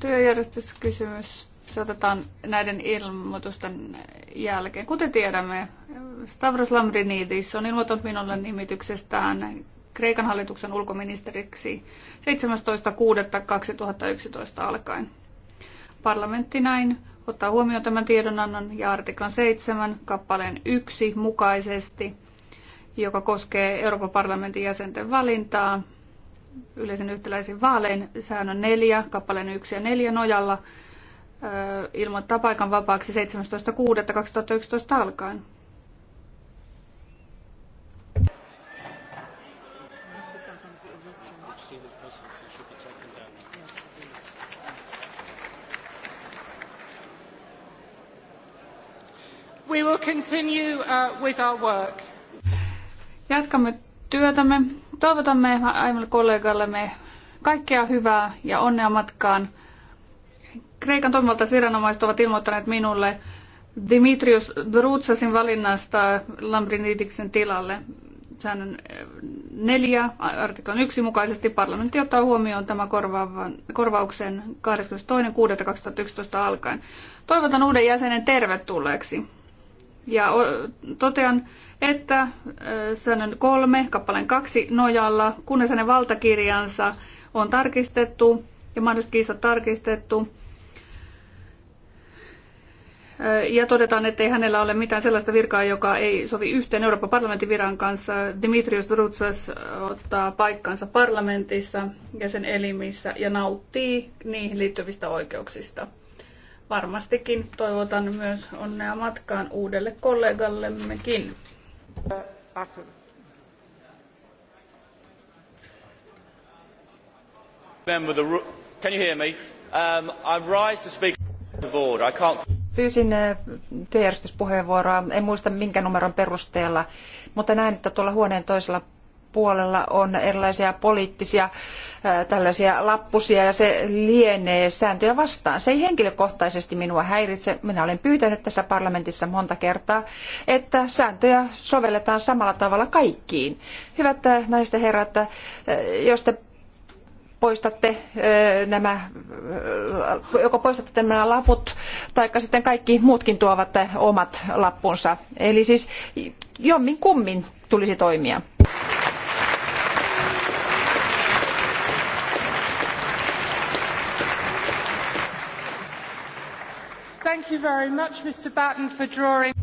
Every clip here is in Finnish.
Työjärjestyskysymys. Se otetaan näiden ilmoitusten jälkeen. Kuten tiedämme, Stavros Lambrinidis on ilmoittanut minulle nimityksestään Kreikan hallituksen ulkoministeriksi 17.6.2011 alkaen. Parlamentti näin ottaa huomioon tämän tiedonannon ja artiklan 7 kappaleen 1 mukaisesti, joka koskee Euroopan parlamentin jäsenten valintaa yleisen yhtäläisiin vaalein säännön 4, kappaleen 1 ja 4 nojalla ilmoittaa paikan vapaaksi 17.6.2011 alkaen. We will continue, uh, with our work. Jatkamme työtämme. Toivotamme aivan kollegallemme kaikkea hyvää ja onnea matkaan. Kreikan toimivaltaisviranomaiset ovat ilmoittaneet minulle Dimitrios Drutsasin valinnasta Lambrinidiksen tilalle. Säännön eh, neljä artiklan yksi mukaisesti parlamentti ottaa huomioon tämän korvaavan, korvauksen 22.6.2011 alkaen. Toivotan uuden jäsenen tervetulleeksi. Ja totean, että säännön kolme kappaleen kaksi nojalla, kunnes hänen valtakirjansa on tarkistettu ja mahdolliset kiistat tarkistettu, ja todetaan, ettei hänellä ole mitään sellaista virkaa, joka ei sovi yhteen Euroopan parlamentin viran kanssa. Dimitrios Drutsas ottaa paikkansa parlamentissa ja sen elimissä ja nauttii niihin liittyvistä oikeuksista varmastikin toivotan myös onnea matkaan uudelle kollegallemmekin. Can you hear me? Um, I rise to speak the board. I can't... Pyysin eh, työjärjestyspuheenvuoroa, en muista minkä numeron perusteella, mutta näin, että tuolla huoneen toisella puolella on erilaisia poliittisia tällaisia lappusia ja se lienee sääntöjä vastaan. Se ei henkilökohtaisesti minua häiritse. Minä olen pyytänyt tässä parlamentissa monta kertaa, että sääntöjä sovelletaan samalla tavalla kaikkiin. Hyvät naiset ja herrat, jos te poistatte nämä, joko poistatte nämä laput, tai sitten kaikki muutkin tuovat omat lappunsa. Eli siis jommin kummin tulisi toimia. Thank you very much, Mr. Batten, for drawing.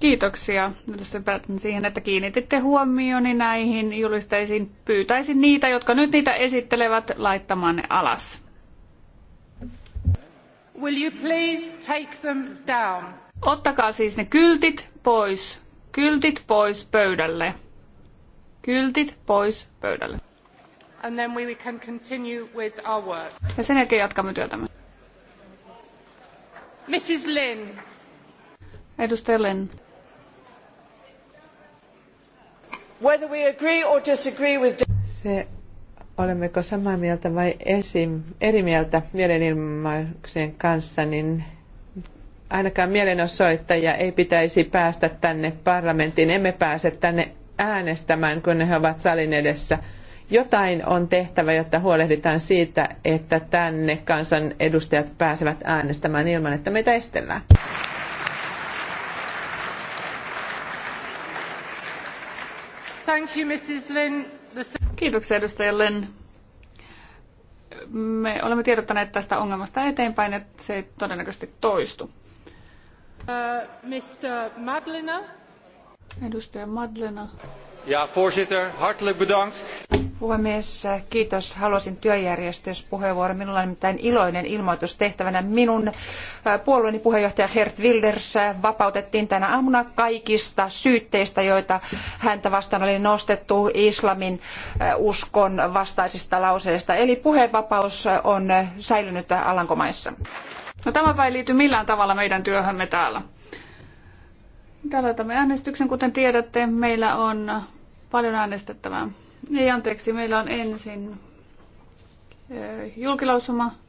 Kiitoksia, Mr. Batten, siihen, että kiinnititte huomioni näihin julisteisiin. Pyytäisin niitä, jotka nyt niitä esittelevät, laittamaan ne alas. Will you please take them down? Ottakaa siis ne kyltit pois. Kyltit pois pöydälle. Kyltit pois pöydälle. And then we can continue with our work. Ja sen jälkeen jatkamme työtämme. Mrs. Lynn. Edustaja Lynn. Whether we agree or disagree with... Se, olemmeko samaa mieltä vai esim, eri mieltä mielenilmauksien kanssa, niin ainakaan mielenosoittajia ei pitäisi päästä tänne parlamenttiin. Emme pääse tänne äänestämään, kun he ovat salin edessä – jotain on tehtävä, jotta huolehditaan siitä, että tänne kansan edustajat pääsevät äänestämään ilman, että meitä estellään. Thank you, Mrs. Lynn. Kiitoksia edustaja Len. Me olemme tiedottaneet tästä ongelmasta eteenpäin, että se ei todennäköisesti toistu. Uh, Mr. Madlena. Edustaja Madlena. Ja, voorzitter, hartelijk bedankt puhemies. Kiitos. Haluaisin puheenvuoron. Minulla on nimittäin iloinen ilmoitus tehtävänä. Minun äh, puolueeni puheenjohtaja Hert Wilders vapautettiin tänä aamuna kaikista syytteistä, joita häntä vastaan oli nostettu islamin äh, uskon vastaisista lauseista. Eli puhevapaus on säilynyt Alankomaissa. No tämä ei liity millään tavalla meidän työhömme täällä. Täällä otamme äänestyksen, kuten tiedätte. Meillä on paljon äänestettävää. Ei, niin, anteeksi, meillä on ensin eh, julkilausuma